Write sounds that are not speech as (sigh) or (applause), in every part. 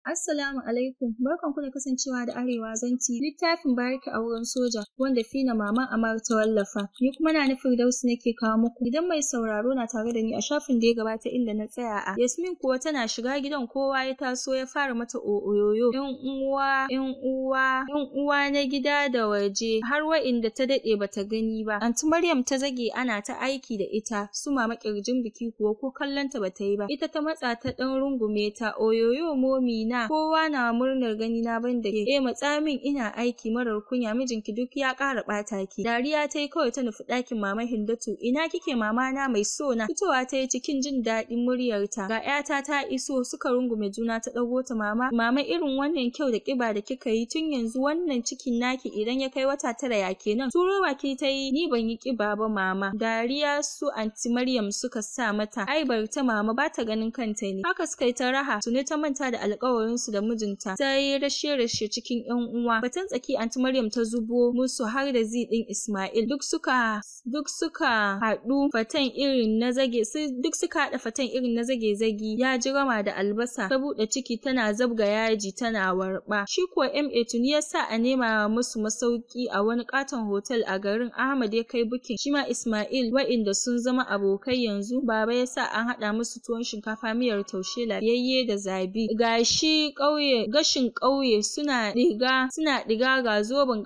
Assalamu alaikum, barkan ku da kasancewa da Arewa Zanti, littafin bariki wurin soja wanda Fina Maman Amar ta wallafa. Ni kuma na nufin Dausu nake kawo muku. Idan mai sauraro na tare da ni a shafin da ya gabata inda na tsaya a. Yasmin kuwa tana shiga gidan kowa ya taso ya fara mata oyoyo. Yan uwa, yan uwa, yan uwa na gida da waje har wa'inda ta dade bata gani ba. Anti Maryam ta zage ana ta aiki da ita, su mama kirjin biki kuwa ko kallon ta bata yi ba. Ita ta matsa ta ɗan rungume ta oyoyo momi na kowa na murnar gani na da ke eh matsa ina aiki marar kunya mijinki duk ya ƙara ɓata ki dariya ta yi kawai ta nufi ɗakin mama Hindatu ina kike mama na mai so na fitowa ta yi cikin jin daɗin muryarta ga ƴata ta iso suka rungume juna ta ɗago ta mama mama irin wannan kyau da kiba da kika yi tun yanzu wannan cikin naki idan ya kai wata tara ya kenan Turowa ki ta yi ni ban yi kiba ba mama dariya su anti Maryam suka sa mata ai mama ba ta ganin kanta ne haka suka yi ta raha tuni ta manta da alƙawari yansu da mijinta ta yi rashe-rashe cikin 'yan uwa. Batan tsaki anti Maryam ta zubo musu har da zi din Ismail duk suka duk suka haɗu fatan irin na zage duk suka haɗa fatan irin na zage-zage ya ji rama da albasa ta buɗe ciki tana zabga yaji tana warɓa. Shi m MA tuni ya sa a nema musu masauki a wani katon hotel a garin Ahmad ya kai bukin shi ma Ismail wa'inda sun zama abokai yanzu baba ya sa an haɗa musu tuwon shinkafa miyar taushe lafiyayye da zabi gashi gashin ƙauye suna ɗiga suna ɗiga ga zoben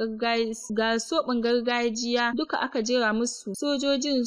ga soɓin gargajiya duka aka jira musu sojojin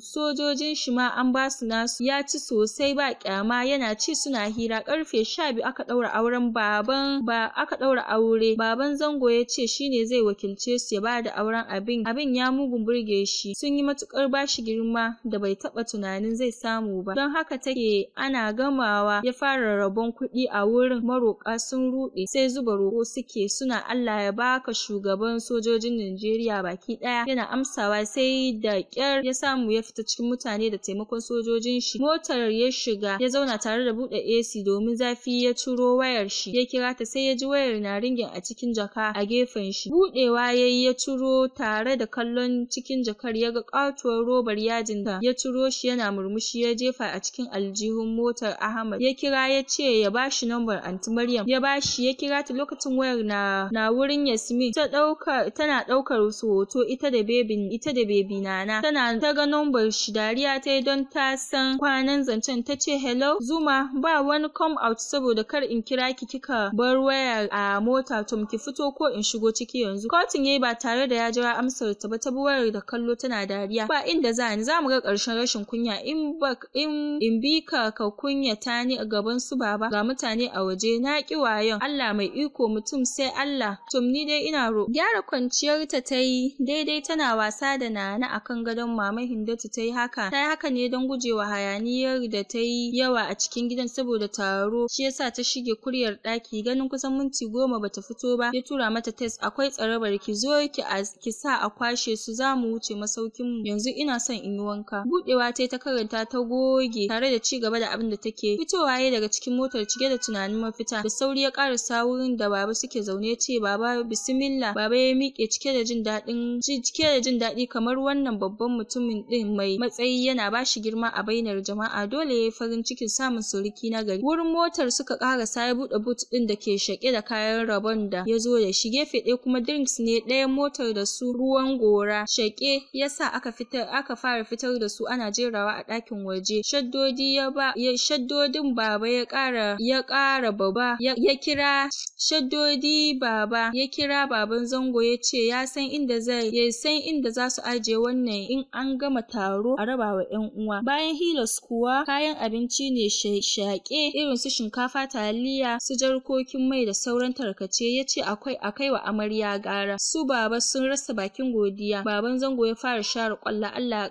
sojojin shi ma an basu nasu ya ci sosai ba ƙyama. yana ci suna hira karfe sha biyu aka ɗaura auren baban ba aka ɗaura aure baban zango ya ce shine zai wakilce su ya bada auren abin abin ya mugun burge shi sun yi matukar bashi girma da bai taɓa tunanin zai samu ba don haka take ana gamawa ya fara rabon kuɗi a wurin garin maroƙa sun ruɗe sai zuba roƙo suke suna Allah ya baka shugaban sojojin Najeriya baki ɗaya yana amsawa sai da ƙyar ya samu ya fita cikin mutane da taimakon sojojin shi motar ya shiga ya zauna tare da buɗe AC domin zafi ya ciro wayar shi ya kira ta sai ya ji wayar na ringin a cikin jaka a gefen shi buɗewa yayi ya ciro tare da kallon cikin jakar ya ga ƙatuwar robar yajin da ya ciro shi yana murmushi ya jefa a cikin aljihun motar Ahmad ya kira ya ce ya bashi lambar anti Maryam ya bashi ya kira ta lokacin wayar na na wurin Yasmin ta dauka tana ɗaukar su hoto ita da bebin ita da bebi nana tana ta ga number shi dariya ta yi don ta san kwanan zancen ta ce hello Zuma ba wani come out saboda kar in kira ki kika bar wayar a mota to ki fito ko in shigo ciki yanzu kotun yayi ba tare da ya jira amsar ta ba ta bi wayar da kallo tana dariya ba inda za ni za ga karshen rashin kunya in in in bi ka ka kunya ta ni a gaban su baba ga mutane a waje na ki wayon Allah mai iko mutum sai Allah tum ni dai ina ro gyara kwanciyar ta tayi daidai tana wasa da Nana akan gadon mama Hindatu tayi haka tayi haka ne don gujewa hayaniyar da tayi yawa a cikin gidan saboda taro shi yasa ta shige kuryar ɗaki ganin kusan minti goma bata fito ba ya tura mata test akwai tsarabar barki. zo ki ki sa a kwashe su zamu wuce masaukin mu yanzu ina son in yi wanka budewa tai ta karanta ta goge tare da cigaba da abin da take fitowa yayi daga cikin motar cike da tunanin mafita da sauri ya karasa wurin da baba suke zaune ya ce baba bismillah baba ya miƙe cike da jin daɗin cike da jin daɗi kamar wannan babban mutumin din mai matsayi yana ba shi girma a bainar jama'a dole ya yi farin cikin samun suriki na gari wurin motar suka karasa ya buɗe but ɗin da ke shaƙe da kayan rabon da ya zo da shi gefe ɗaya kuma drinks ne ɗayan motar da su ruwan gora shaƙe yasa aka fitar aka fara fitar da su ana jerawa a ɗakin waje shaddodi ya ba shaddodin baba ya ƙara ya ƙara baba ya, kira shaddodi baba ya kira baban zango ya ce ya san inda zai ya san inda za su ajiye wannan in an gama taro a raba wa uwa bayan hilas kuwa kayan abinci ne shaƙe irin su shinkafa taliya su jarkokin mai da sauran tarkace ya ce akwai a kai wa amarya gara su baba sun rasa bakin godiya baban zango ya fara share ƙwallo. Allah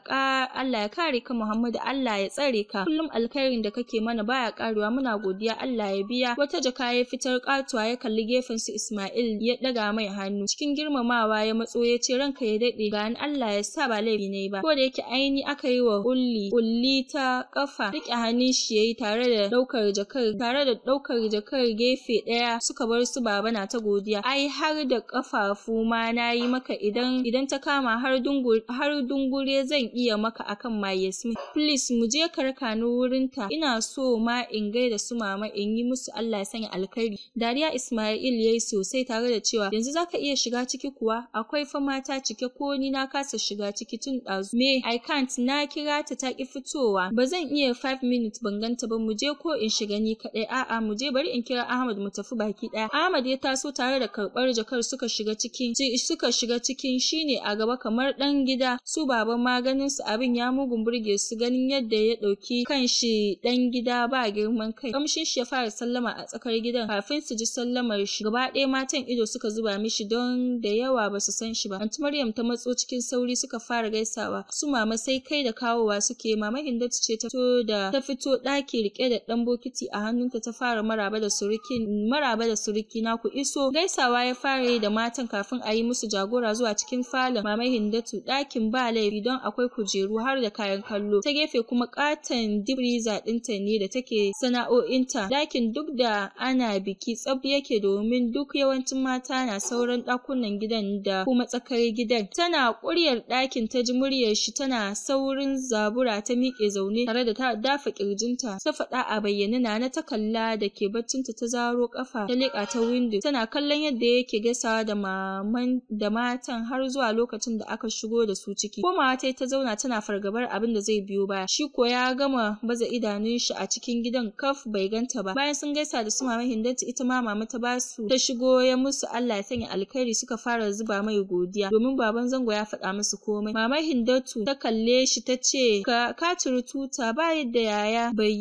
Allah ya kare ka Muhammadu Allah ya tsare ka kullum alkhairin da kake mana baya karewa muna godiya Allah ya biya gaskiya wata jaka ya fitar katuwa ya kalli gefen su Ismail ya daga mai hannu cikin girmamawa ya matso ya ce ranka ya dade ga an Allah ya sa ba laifi ne ba ko da yake aini aka yi wa kulli kulli ta kafa rike hannun shi yayi tare da daukar jakar tare da daukar jakar gefe daya suka bar su baba na ta godiya ai har da kafafu ma nayi maka idan idan ta kama har dungur har dungure zan iya maka akan my Yasmin please mu je ka raka ni wurinta ina so ma in gaida su mama in yi musu Allah ya sanya alkhairi dariya Ismail yayi sosai tare da cewa yanzu za ka iya shiga ciki kuwa akwai fa mata cike ko ni na kasa shiga ciki tun ɗazu me I can't na kira ta ta ki fitowa ba zan iya five minutes ban ganta ba mu je ko in shiga ni kaɗai a'a mu je bari in kira Ahmad mu tafi baki ɗaya Ahmad ya taso tare da karɓar jakar suka shiga cikin suka shiga cikin shine a gaba kamar ɗan gida su baban ma ganin su abin ya mugun burge su ganin yadda ya ɗauki Kan shi ɗan gida ba girman kai kamshin shi ya fara sallama sallama a tsakar gidan kafin su ji sallamar shi gaba ɗaya matan ido suka zuba mishi don da yawa ba su san shi ba anti maryam ta matso cikin sauri suka fara gaisawa su mama sai kai da kawowa suke mama hindatu ce ta fito da ta fito ɗaki rike da ɗan bokiti a hannunta ta fara maraba da surukin maraba da suruki na ku iso gaisawa ya fara yi da matan kafin a yi musu jagora zuwa cikin falon mama hindatu ɗakin ba laifi don akwai kujeru har da kayan kallo ta gefe kuma katon dibri zaɗinta ne da take sana'o'inta ɗakin duk da ana biki tsab yake domin duk yawancin mata na sauran ɗakunan gidan da kuma tsakar gidan. Tana ƙuryar ɗakin ta ji muryar shi tana saurin zabura ta miƙe zaune tare da ta dafa ƙirjinta. Ta faɗa a bayyane na na ta kalla da ke baccinta ta zaro ƙafa ta leƙa ta windo. Tana kallon yadda yake gasawa da maman da matan har zuwa lokacin da aka shigo da su ciki. Komawa ta ta zauna tana fargabar abin da zai biyo baya. Shi ko ya gama baza idanun shi a cikin gidan kaf bai ganta ba. Bayan sun gaisa yasa da su mama Hindatu ita ma mama ta basu ta shigo ya musu Allah ya sanya alkhairi suka fara zuba mai godiya domin baban zango ya faɗa musu komai mama Hindatu ta kalle shi ta ce ka turu tuta ba yadda yaya bai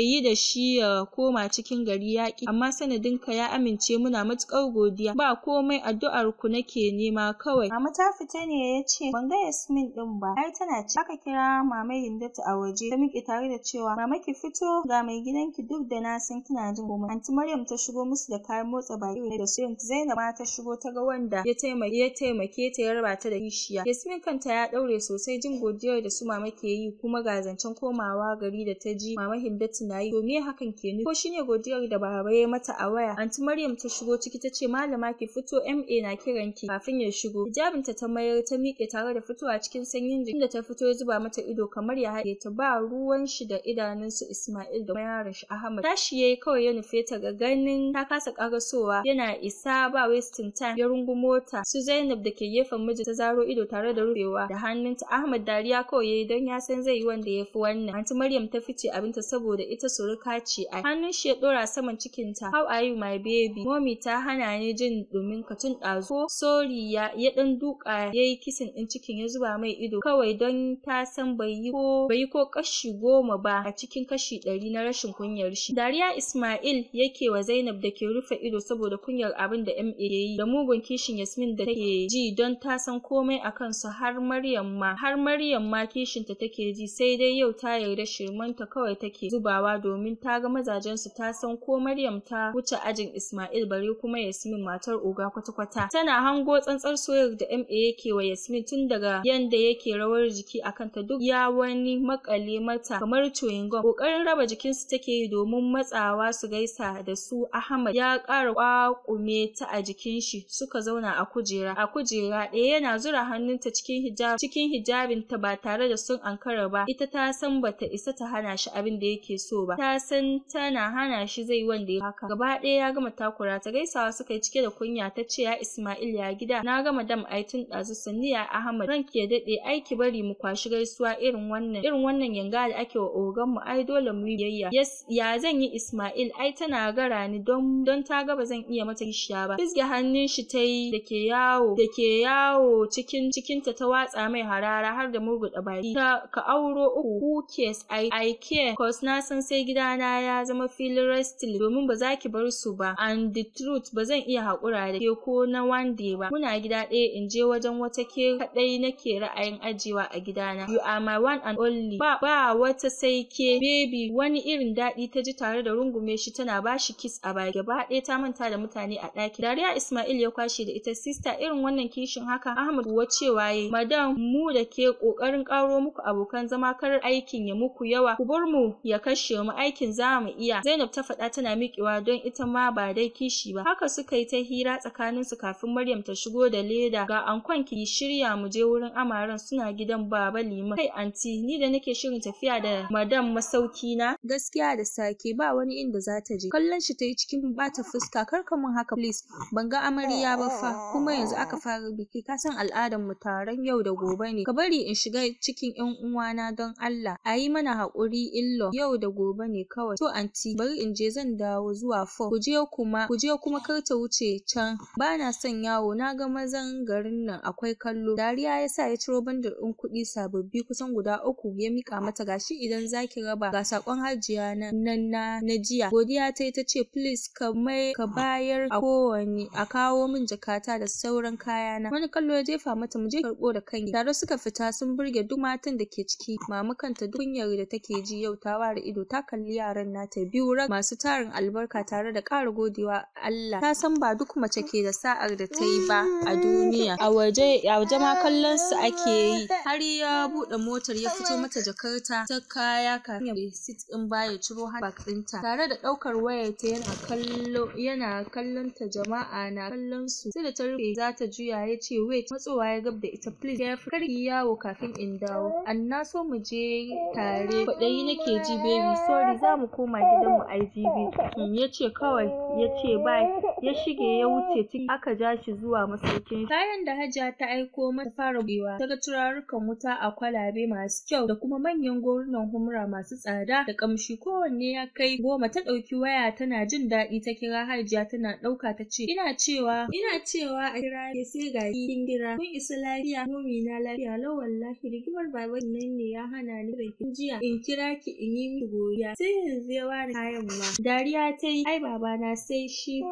yi da shi ya koma cikin gari yaƙi amma sanadin ka ya amince muna matuƙar godiya ba komai addu'ar ku nake nema kawai mama ta fita ne ya ce ban ga Yasmin din ba ai tana ce. aka kira mama Hindatu a waje ta miƙe tare da cewa mama ki fito ga mai gidanki duk da na san tana jin komai anti maryam ta shigo musu da kayan motsa baki da su zainab ma ta shigo ta ga wanda ya taimake ya taimake ta ya raba ta da kishiya yasmin kanta ya daure sosai jin godiyar da su mama ke yi kuma ga zancen komawa gari da ta ji mama hindatu tunayi. yi to me hakan ke nufi ko shine godiyar da baba ya mata a waya anti maryam ta shigo ciki ta ce malama ki fito ma na kiran ki kafin ya shigo hijabinta ta mayar ta miƙe tare da fitowa cikin sanyin jiki da ta fito ya zuba mata ido kamar ya haɗe ta ba ruwan shi da idanunsu ismail da yaron shi ahmad tashi ya tsaye kawai ya nufe ta ga ganin ta kasa karasowa yana isa ba wasting time ya rungu mota su Zainab da ke gefen miji ta zaro ido tare da rubewa da hannunta Ahmad dariya kawai yi don ya san zai yi wanda ya fi wannan anti Maryam ta fice abinta saboda ita suruka ce a hannun shi ya dora saman cikinta how are you my baby mommy ta hana ni jin domin ka tun ɗazu sori ya ya dan duka yayi kisan din cikin ya zuba mai ido kawai don ta san bai yi ko bai ko kashi goma ba a cikin kashi ɗari na rashin kunyar shi dariya Ismail yake wa Zainab da ke rufe ido saboda kunyar abin da MA ya yi da mugun kishin Yasmin da take ji don ta san komai a kansu har Maryam ma har Maryam ma kishinta take ji sai dai yau ta yarda shirmanta kawai take zubawa domin ta ga mazajen su ta san ko Maryam ta wuce ajin Ismail bare kuma Yasmin matar oga kwata-kwata tana hango tsantsar soyayya da MA yake wa Yasmin tun daga yanda yake rawar jiki akan ta duk ya wani makale mata kamar chewing gum kokarin raba jikinsu take yi domin matsa matsawa su gaisa da su Ahmad ya ƙara ƙwaƙume ta a jikin shi suka zauna a kujera a kujera ɗaya yana zura hannunta cikin hijab cikin hijabinta ba tare da sun ankara ba ita ta san bata isa ta hana shi abin da yake so ba ta san tana hana shi zai wanda ya haka gaba ɗaya ya gama takura ta gaisawa suka yi cike da kunya ta ce ya Ismail ya gida na gama dam ai tun ɗazu sanniya Ahmad ranki ya daɗe aiki bari mu kwashi gaisuwa irin wannan irin wannan yanga da ake wa ogan mu ai dole mu yi biyayya ya zan yi Ismail Ismail ai tana gara ni don don ta ga ba zan iya mata kishiya ba fisge hannun shi ta yi da ke yawo da yawo cikin cikinta ta watsa mai harara har da da baki ta ka auro uku who cares I, I care cause na san sai gidana ya zama filin restless domin ba za ki bar su ba and the truth ba zan iya haƙura da ke ko na one day ba muna gida ɗaya in je wajen wata ke kaɗai nake ra'ayin ajiyewa a gidana you are my one and only ba ba wata sai ke baby wani irin daɗi ta ji tare da rungume shi tana shi kiss a baya gaba ɗaya ta manta da mutane a ɗaki dariya Ismail ya kwashe da ita sista irin wannan kishin haka Ahmad kuwa cewa yayi madam mu da ke kokarin karo muku abokan zama kar aikin ya muku yawa ku bar mu ya kashe mu aikin za mu iya Zainab ta faɗa tana miƙewa don ita ma ba dai kishi ba haka suka yi ta hira tsakanin su kafin Maryam ta shigo da leda ga ankon ki shirya mu je wurin amaran suna gidan baba liman kai anti ni da nake shirin tafiya da madam masauki na gaskiya da sake ba wani wani inda za ta je kallon shi ta yi cikin bata fuska kar ka mun haka please ban ga amarya ba fa kuma yanzu aka fara biki ka san al'adar mu taron yau da gobe ne ka bari in shiga cikin yan uwana don Allah a yi mana haƙuri illo yau da gobe ne kawai to anti bari in je zan dawo zuwa fo ku je kuma ku je kuma kar ta wuce can ba na son yawo na ga mazan garin nan akwai kallo dariya ya sa ya ciro bandar ɗin kuɗi sababbi kusan guda uku ya mika mata gashi idan zaki raba ga sakon hajiya na na na jiya godiya ta yi ta ce please ka mai ka bayar a kowane a kawo min jakata da sauran kayana wani kallo ya jefa mata mu je karbo da kanki tare suka fita sun burge duk matan da ke ciki mama kanta duk kunyar da take ji yau ta ware ido ta kalli yaran nata biyu rag masu tarin albarka tare da ƙara godewa Allah ta san ba duk mace ke da sa'ar da ta yi ba a duniya a waje a waje ma kallon su ake yi har ya buɗe motar ya fito mata jakarta ta kaya kafin ya sit ɗin baya ciro handbag ɗinta ta tare da ɗaukar wayarta yana kallo kallon ta jama'a na kallon su sai da ta rufe za ta juya ya ce wait matsowa ya gab da ita please ya kar ki yawo kafin in dawo an na so mu je tare kwaɗayi nake ji baby sorry za mu koma gidan mu IGB hmm, ya ce kawai ya ce bye ya shige ya wuce tun aka ja shi zuwa masaukin kayan da hajiya ta aiko mata fara gwiwa ta ga turarukan wuta a kwalabe masu kyau da kuma manyan gorunan humra masu tsada da kamshi kowanne ya kai goma kuma ta ɗauki waya tana jin daɗi ta kira Hajiya tana ɗauka ta ce ina cewa ina cewa a kira ke sai ga kin gira. kun isa lafiya Nomi na lafiya lau wallahi rigimar baban nan ne ya hana ni rikin jiya in kira ki in yi miki godiya sai yanzu ya ware kayan ma dariya ta yi ai babana sai shi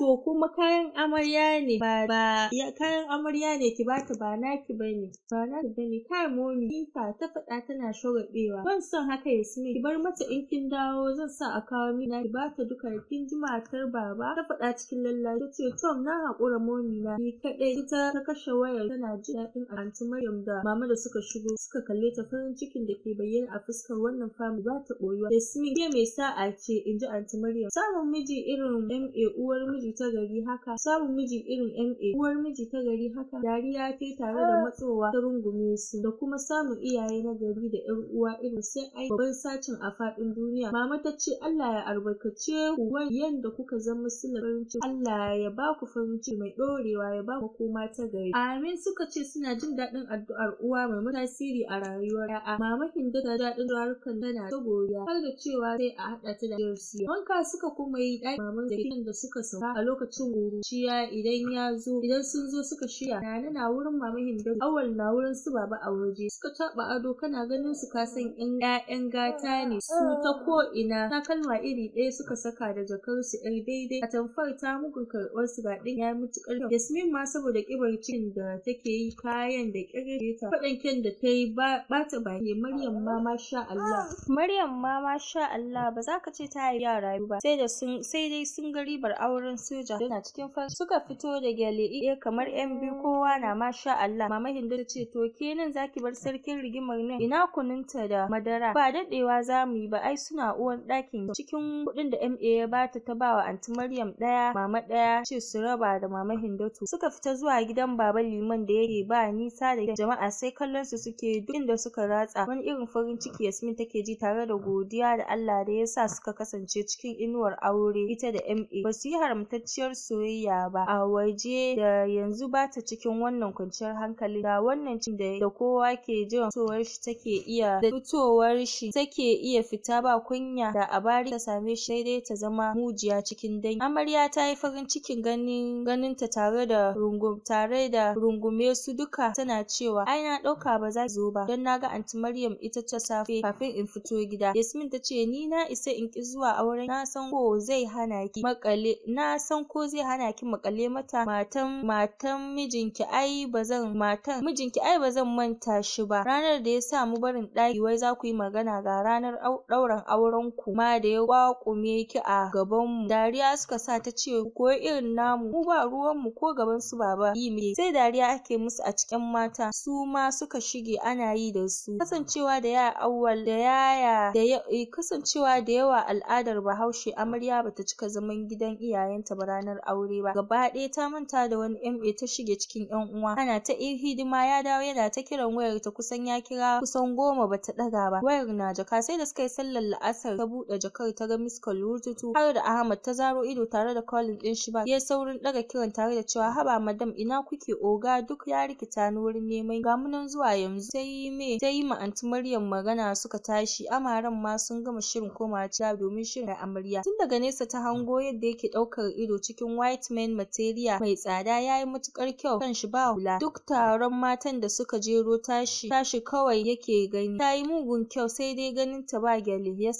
to kuma kayan amarya ne ba ba ya kayan amarya ne ki bata ba naki bane ba naki bane kai momi ta ta faɗa tana shugabewa ban son haka yasmin ki bar mata in kin dawo zan sa a kawo mina ki bata duka kin ji matar baba ta faɗa cikin lallashi ta ce tom na hakura momi na ni kaɗai ita ta kashe wayar tana jin daɗin aunty maryam da mama da suka shigo suka kalle ta farin cikin da ke bayyana a fuskar wannan family ba ta yasmin ke mai sa'a ce in ji aunty maryam samun miji irin ma uwar miji miji ta gari haka samun miji irin MA uwar miji ta gari haka dariya ta tare da matsowa ta rungume su da kuma samun iyaye na gari da ƴan uwa irin sai ai babban sacin a faɗin duniya mama ta ce Allah ya albarkace ku yanda kuka zama silar farin ciki Allah ya ba ku farin ciki mai ɗorewa ya ba ku koma ta gari amin suka ce suna jin daɗin addu'ar uwa mai tasiri a rayuwar ya'a mama Hinda da daɗin rarukan tana ta godiya har da cewa sai a haɗa ta da Jersiya wanka suka kuma yi ɗaki maman da da suka sauka a lokacin kuruciya idan ya zo idan sun zo suka shirya Nana na wurin mama hindu. Awal na wurin su baba a waje suka taba ado kana ganin su ka san in ƴaƴan gata ne su ta ko ina kalma iri ɗaya suka saka da jakar su ƴar daidai a atamfar ta mugun karɓar su ga ɗin ya mutu kyau Yasmin ma saboda kibar cikin da take yi kayan da kirge ta faɗan kyan da ta yi ba ta baki Maryam ma masha Allah Maryam ma masha Allah ba za ka ce ta yi yara ba sai da sun sai dai sun ga ribar auren soja na cikin farin suka fito da gyale iya kamar yan biyu kowa na masha Allah mama Hindu ce to ke nan zaki bar sarkin rigimar nan ina kununta da madara ba dadewa mu yi ba ai suna uwan ɗakin cikin kuɗin da MA ya bata ta bawa anti Maryam ɗaya mama ɗaya ce su raba da mama Hindatu suka fita zuwa gidan baba liman da yake ba nisa da jama'a sai kallon su suke duk inda suka ratsa wani irin farin ciki Yasmin take ji tare da godiya da Allah da ya sa suka kasance cikin inuwar aure ita da MA su yi haramta ingantacciyar soyayya ba a waje da yanzu bata cikin wannan kwanciyar hankalin da wannan cin da da kowa ke jin fitowar shi take iya da fitowar shi take iya fita ba kunya da a bari ta same shi sai dai ta zama mujiya cikin dangi amarya ta yi farin cikin ganin ganin ta tare da rungum tare da rungume su duka tana cewa ai na ɗauka ba za zo ba don naga anti Maryam ita ta safe kafin in fito gida Yasmin tace ni na isa in ki zuwa auren na san ko zai hana ki makale na san ko zai hana ki makale mata matan matan mijinki ai bazan matan mijinki ai bazan manta shi ba ranar da ya sa mu barin ɗaki wai za ku yi magana ga ranar ɗaurin auren ku ma da ya kwakume ki a gaban mu dariya suka sa ta ce ko irin namu mu ba ruwan mu ko gaban su baba yi me sai dariya ake musu a cikin mata su ma suka shige ana yi da su kasancewa da yaya Auwal. da yaya da eh, kasancewa da yawa al'adar bahaushe amarya bata cika zaman gidan iyayenta ta ba ranar aure ba gaba ɗaya ta manta da wani MA ta shige cikin 'yan uwa ana ta hidima ya dawo yana ta kiran wayar ta kusan ya kira kusan goma ba ta ɗaga ba wayar na jaka sai da suka yi sallar la'asar ta buɗe jakar ta ga miss call rututu har da Ahmad ta zaro ido tare da Colin ɗin shi ba ya saurin ɗaga kiran tare da cewa haba madam ina kuke oga duk ya rikita ni wurin neman ga nan zuwa yanzu sai me sai ma anti Maryam magana suka tashi amaran ma sun gama shirin komawa gida domin shirin amarya tun daga nesa ta hango yadda yake ɗaukar ido cikin white man material mai tsada ya yi matukar kyau kan shi ba hula duk taron matan da suka jero tashi tashi kawai yake gani Ta yi mugun kyau sai dai ganin ta ba gyale Ya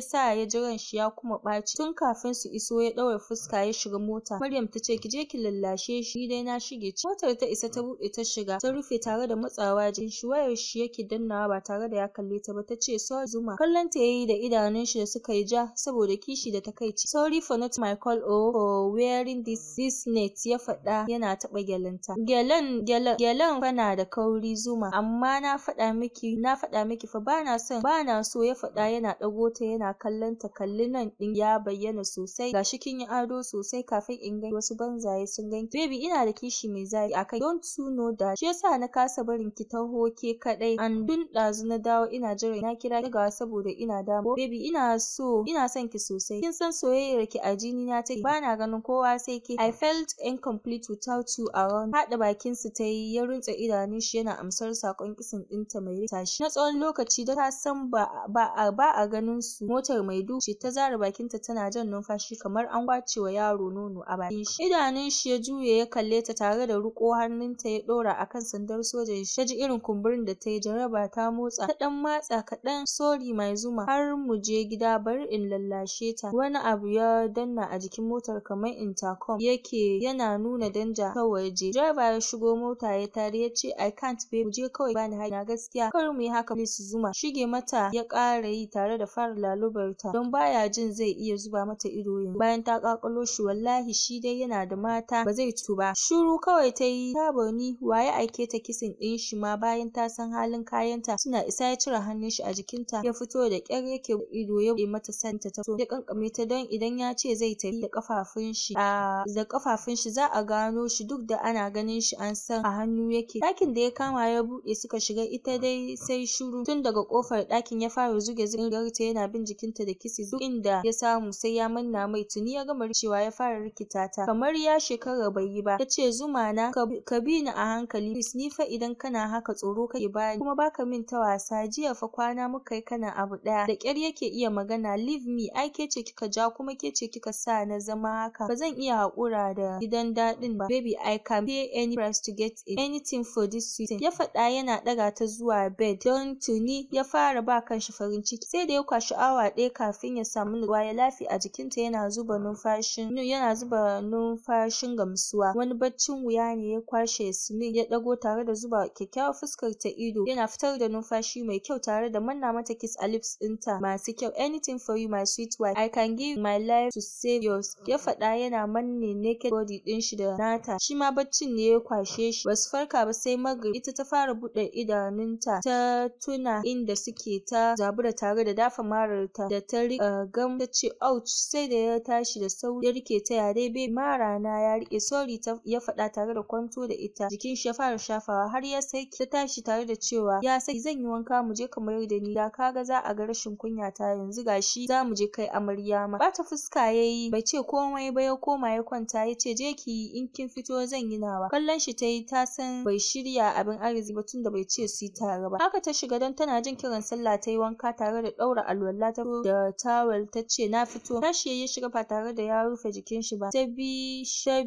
sa ya jiran shi ya kuma ɓaci tun kafin su iso ya ɗaure fuska ya shiga mota Maryam ta ce ki je ki lallashe shi ni dai na shige ci motar ta isa ta buɗe ta shiga ta rufe tare da matsawa jikin shi wayar shi yake dannawa ba tare da ya kalle ta ba Ta tace sorry Zuma kallon ta yayi da idanun shi da suka yi ja saboda kishi da takaici sorry for not my call o oh. so wearing this this net ya faɗa yana taɓa gyalenta. Gyalen gyalan, gyalen fa da kauri zuma amma na faɗa miki na faɗa miki fa bana son bana so ya faɗa yana ɗago ta yana kallon ta kalli nan ɗin ya bayyana sosai gashi kin yi ado sosai kafin in gani wasu banzaye sun ganki. Baby ina da kishi mai zafi a don't you know that shi yasa na kasa barin ki ta hoke kaɗai an dun ɗazu na dawo ina jira na kira ki gawa saboda ina damo baby ina so ina son ki sosai kin san soyayyar ki a jini na take bana ganin kowa sai ke I felt incomplete without you around haɗa bakin su ta yi ya runtse idanun shi yana amsar sakon kisan ɗinta mai rita na tsawon lokaci da ta san ba a ganin su motar mai duhu ce ta zara bakinta tana jan numfashi kamar an kwace wa yaro nono a bakin shi idanun shi ya juye ya kalle ta tare da riko ta ya ɗora akan sandar sojan shi ta ji irin kumburin da ta yi jaraba ta motsa ta ɗan matsa kaɗan sorry mai zuma har mu je gida bari in lallashe ta wani abu ya danna a jikin mota. motar kamar intercom yake yana nuna danja ta waje. driver ya shigo mota ya tare ya ce I can't babe mu je kawai bani haɗi na gaskiya kar mu yi haka su Zuma. Shige mata ya ƙara yi tare da fara lalubarta don baya jin zai iya zuba mata ido yanzu. Bayan ta kakalo shi wallahi shi dai yana da mata ba zai cutu ba. Shuru kawai ta yi ta bauni waye aike ta kisin ɗin shi ma bayan ta san halin kayanta suna isa ya cire hannun shi a jikinta ya fito da ƙyar yake ido ya buɗe mata santa ta so ya ƙanƙame ta don idan ya ce zai tafi da kafafun shi a da kafafun shi za a gano shi duk da ana ganin shi an san a hannu yake ɗakin da ya kama ya buɗe suka shiga ita dai sai shuru. tun daga kofar ɗakin ya fara zuge zuge garta yana bin jikinta da kisi duk inda ya samu sai ya manna mai tuni ya gama cewa ya fara rikita ta kamar ya shekara bai yi ba yace zuma na ka bi ni a hankali please ni fa idan kana haka tsoro kake bani kuma baka min ta wasa jiya fa kwana muka yi kana abu ɗaya da ƙyar yake iya magana leave me ai ke ce kika ja kuma ke ce kika sa na zama haka ba zan iya haƙura da gidan daɗin ba baby I can pay any price to get it anything for this thing. ya faɗa yana ɗaga ta zuwa bed don tuni ya fara ba kanshi farin ciki sai da ya kwashi awa ɗaya kafin ya samu nutsuwa ya lafi a jikinta yana zuba numfashin yana zuba numfashin gamsuwa wani baccin wuya ne ya kwashe Yasmin ya ɗago tare da zuba kyakkyawar fuskar ta ido yana fitar da numfashi mai kyau tare da manna mata kiss a lips ɗinta masu kyau anything for you my sweet wife I can give my life to save yours ya faɗa yana manne naked body ɗin shi da nata shi ma baccin ne ya kwashe shi basu farka ba sai magrib ita ta fara buɗe idanunta ta tuna inda suke ta zabura tare da dafa mararta da ta riƙa gam ta ce ouch sai da ya tashi da sauri ya rike ta yare be mara na ya rike sorry ta ya faɗa tare da kwanto da ita jikin shi ya fara shafawa har ya saki ta tashi tare da cewa ya saki, zan yi wanka mu je ka mayar da ni da kaga za a ga rashin kunya ta yanzu gashi za mu je kai amarya ma bata fuska yayi bai ce komai ba ya koma ya kwanta ya ce je ki yi in kin fito zan yi nawa kallon shi ta yi ta san bai shirya abin arziki ba tunda bai ce su yi tare ba haka ta shiga don tana jin kiran sallah ta yi wanka tare da ɗaura alwala ta da tawul ta ce na fito tashi ya shiga ba tare da ya rufe jikin shi ba ta bi ta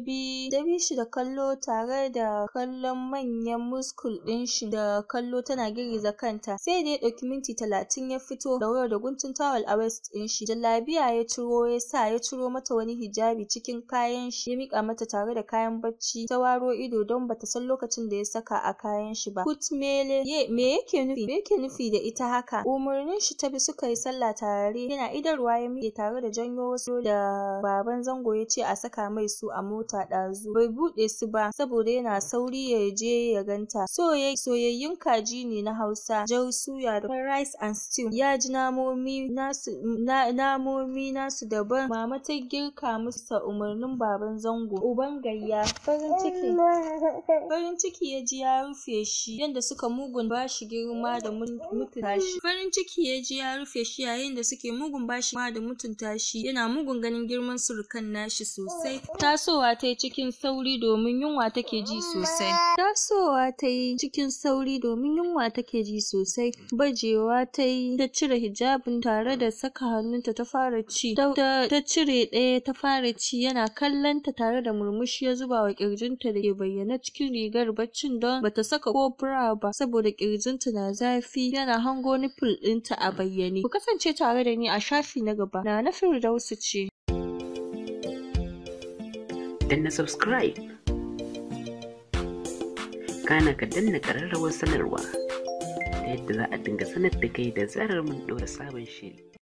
ta bi shi da kallo tare da kallon manyan muskul ɗin shi da kallo tana girgiza kanta sai da ya ɗauki minti talatin ya fito da wayar da guntun tawul a waist ɗin shi jallabiya ya ciro ya sa ya ciro mata wani wani hijabi cikin kayan shi ya mika mata tare da kayan bacci ta waro ido don bata san lokacin da ya saka a kayan shi ba mele ye me yake nufi me yake nufi da ita haka Umarnin shi ta bi suka yi sallah tare yana idarwa ya miƙe tare da janyo wasu da baban zango ya ce a saka mai su a mota ɗazu bai buɗe su ba saboda yana sauri ya je ya ganta soyayyun kaji ne na hausa jau suya da rice and stew ya ji namomi nasu namomi nasu daban mama ta girka cika musu umarnin baban zango uban gayya farin ciki (laughs) farin ciki ya ji ya rufe shi yadda suka mugun ba shi girma da mutunta shi farin ciki ya ji ya rufe shi yayin da suke mugun ba shi da mutunta shi yana mugun ganin girman surukan nashi sosai tasowa ta yi cikin sauri domin yunwa take ji sosai tasowa ta yi cikin sauri domin yunwa take ji sosai bajewa ta yi ta cire hijabin tare da saka hannunta ta fara ci ta cire ɗaya ta fara ci yana kallon ta tare da murmushi ya zuba wa kirjinta da ke bayyane cikin rigar baccin don bata saka ko ba saboda kirjinta na zafi yana hango nipul ɗinta a bayyane. Ku kasance tare da ni a shafi na gaba. Na na Firdausu ce. Danna subscribe. Kana ka danna ƙararrawar sanarwa ta yadda za a dinga sanar da kai da zarar mun ɗora sabon shiri.